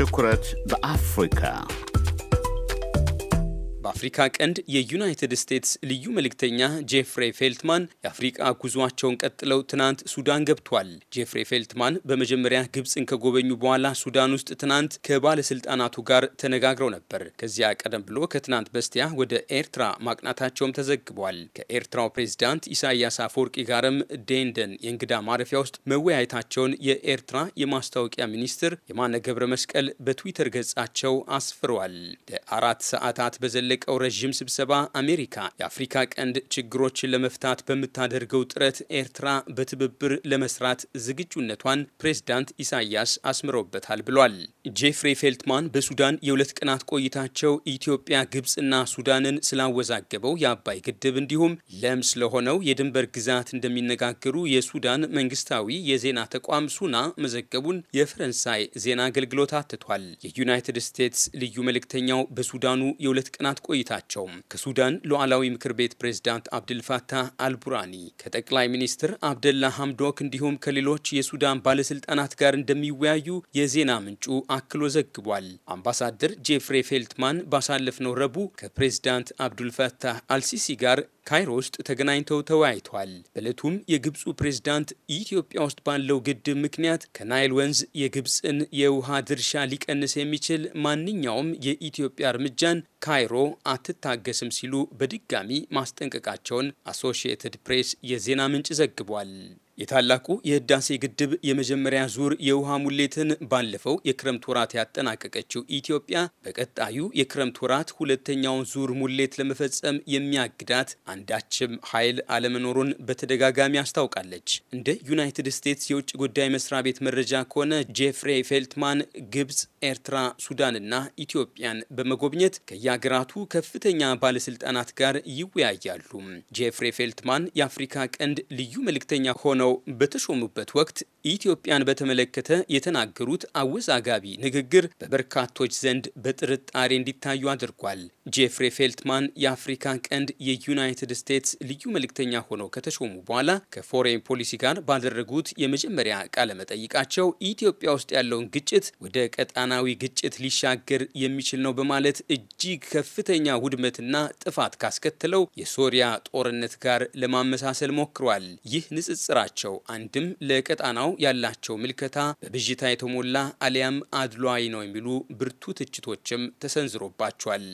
Aristocrat Africa. በአፍሪካ ቀንድ የዩናይትድ ስቴትስ ልዩ መልእክተኛ ጄፍሬ ፌልትማን የአፍሪቃ ጉዟቸውን ቀጥለው ትናንት ሱዳን ገብቷል። ጄፍሬ ፌልትማን በመጀመሪያ ግብፅን ከጎበኙ በኋላ ሱዳን ውስጥ ትናንት ከባለስልጣናቱ ጋር ተነጋግረው ነበር። ከዚያ ቀደም ብሎ ከትናንት በስቲያ ወደ ኤርትራ ማቅናታቸውም ተዘግቧል። ከኤርትራው ፕሬዝዳንት ኢሳያስ አፈወርቂ ጋርም ዴንደን የእንግዳ ማረፊያ ውስጥ መወያየታቸውን የኤርትራ የማስታወቂያ ሚኒስትር የማነ ገብረ መስቀል በትዊተር ገጻቸው አስፍረዋል። ለአራት ሰዓታት በዘለ በዘለቀው ረዥም ስብሰባ አሜሪካ የአፍሪካ ቀንድ ችግሮችን ለመፍታት በምታደርገው ጥረት ኤርትራ በትብብር ለመስራት ዝግጁነቷን ፕሬዝዳንት ኢሳያስ አስምረውበታል ብሏል። ጄፍሪ ፌልትማን በሱዳን የሁለት ቀናት ቆይታቸው ኢትዮጵያ፣ ግብፅና ሱዳንን ስላወዛገበው የአባይ ግድብ እንዲሁም ለም ስለሆነው የድንበር ግዛት እንደሚነጋገሩ የሱዳን መንግስታዊ የዜና ተቋም ሱና መዘገቡን የፈረንሳይ ዜና አገልግሎት አትቷል። የዩናይትድ ስቴትስ ልዩ መልእክተኛው በሱዳኑ የሁለት ቀናት ዓመታት ቆይታቸው ከሱዳን ሉዓላዊ ምክር ቤት ፕሬዝዳንት አብድልፋታህ አልቡራኒ ከጠቅላይ ሚኒስትር አብደላ ሐምዶክ እንዲሁም ከሌሎች የሱዳን ባለስልጣናት ጋር እንደሚወያዩ የዜና ምንጩ አክሎ ዘግቧል። አምባሳደር ጄፍሬ ፌልትማን ባሳለፍነው ረቡዕ ከፕሬዝዳንት አብዱልፈታህ አልሲሲ ጋር ካይሮ ውስጥ ተገናኝተው ተወያይቷል። በእለቱም የግብፁ ፕሬዝዳንት ኢትዮጵያ ውስጥ ባለው ግድብ ምክንያት ከናይል ወንዝ የግብፅን የውሃ ድርሻ ሊቀንስ የሚችል ማንኛውም የኢትዮጵያ እርምጃን ካይሮ አትታገስም ሲሉ በድጋሚ ማስጠንቀቃቸውን አሶሺየትድ ፕሬስ የዜና ምንጭ ዘግቧል። የታላቁ የህዳሴ ግድብ የመጀመሪያ ዙር የውሃ ሙሌትን ባለፈው የክረምት ወራት ያጠናቀቀችው ኢትዮጵያ በቀጣዩ የክረምት ወራት ሁለተኛውን ዙር ሙሌት ለመፈጸም የሚያግዳት አንዳችም ኃይል አለመኖሩን በተደጋጋሚ አስታውቃለች። እንደ ዩናይትድ ስቴትስ የውጭ ጉዳይ መስሪያ ቤት መረጃ ከሆነ ጄፍሬ ፌልትማን ግብፅ ኤርትራ፣ ሱዳንና ኢትዮጵያን በመጎብኘት ከየሀገራቱ ከፍተኛ ባለስልጣናት ጋር ይወያያሉ። ጄፍሬ ፌልትማን የአፍሪካ ቀንድ ልዩ መልእክተኛ ሆነው በተሾሙበት ወቅት ኢትዮጵያን በተመለከተ የተናገሩት አወዛጋቢ ንግግር በበርካቶች ዘንድ በጥርጣሬ እንዲታዩ አድርጓል። ጄፍሬ ፌልትማን የአፍሪካ ቀንድ የዩናይትድ ስቴትስ ልዩ መልእክተኛ ሆነው ከተሾሙ በኋላ ከፎሬን ፖሊሲ ጋር ባደረጉት የመጀመሪያ ቃለ መጠይቃቸው ኢትዮጵያ ውስጥ ያለውን ግጭት ወደ ቀጣናዊ ግጭት ሊሻገር የሚችል ነው በማለት እጅግ ከፍተኛ ውድመትና ጥፋት ካስከተለው የሶሪያ ጦርነት ጋር ለማመሳሰል ሞክሯል። ይህ ንጽጽራቸው አንድም ለቀጣናው ለሙያው ያላቸው ምልከታ በብዥታ የተሞላ አሊያም አድሏዊ ነው የሚሉ ብርቱ ትችቶችም ተሰንዝሮባቸዋል።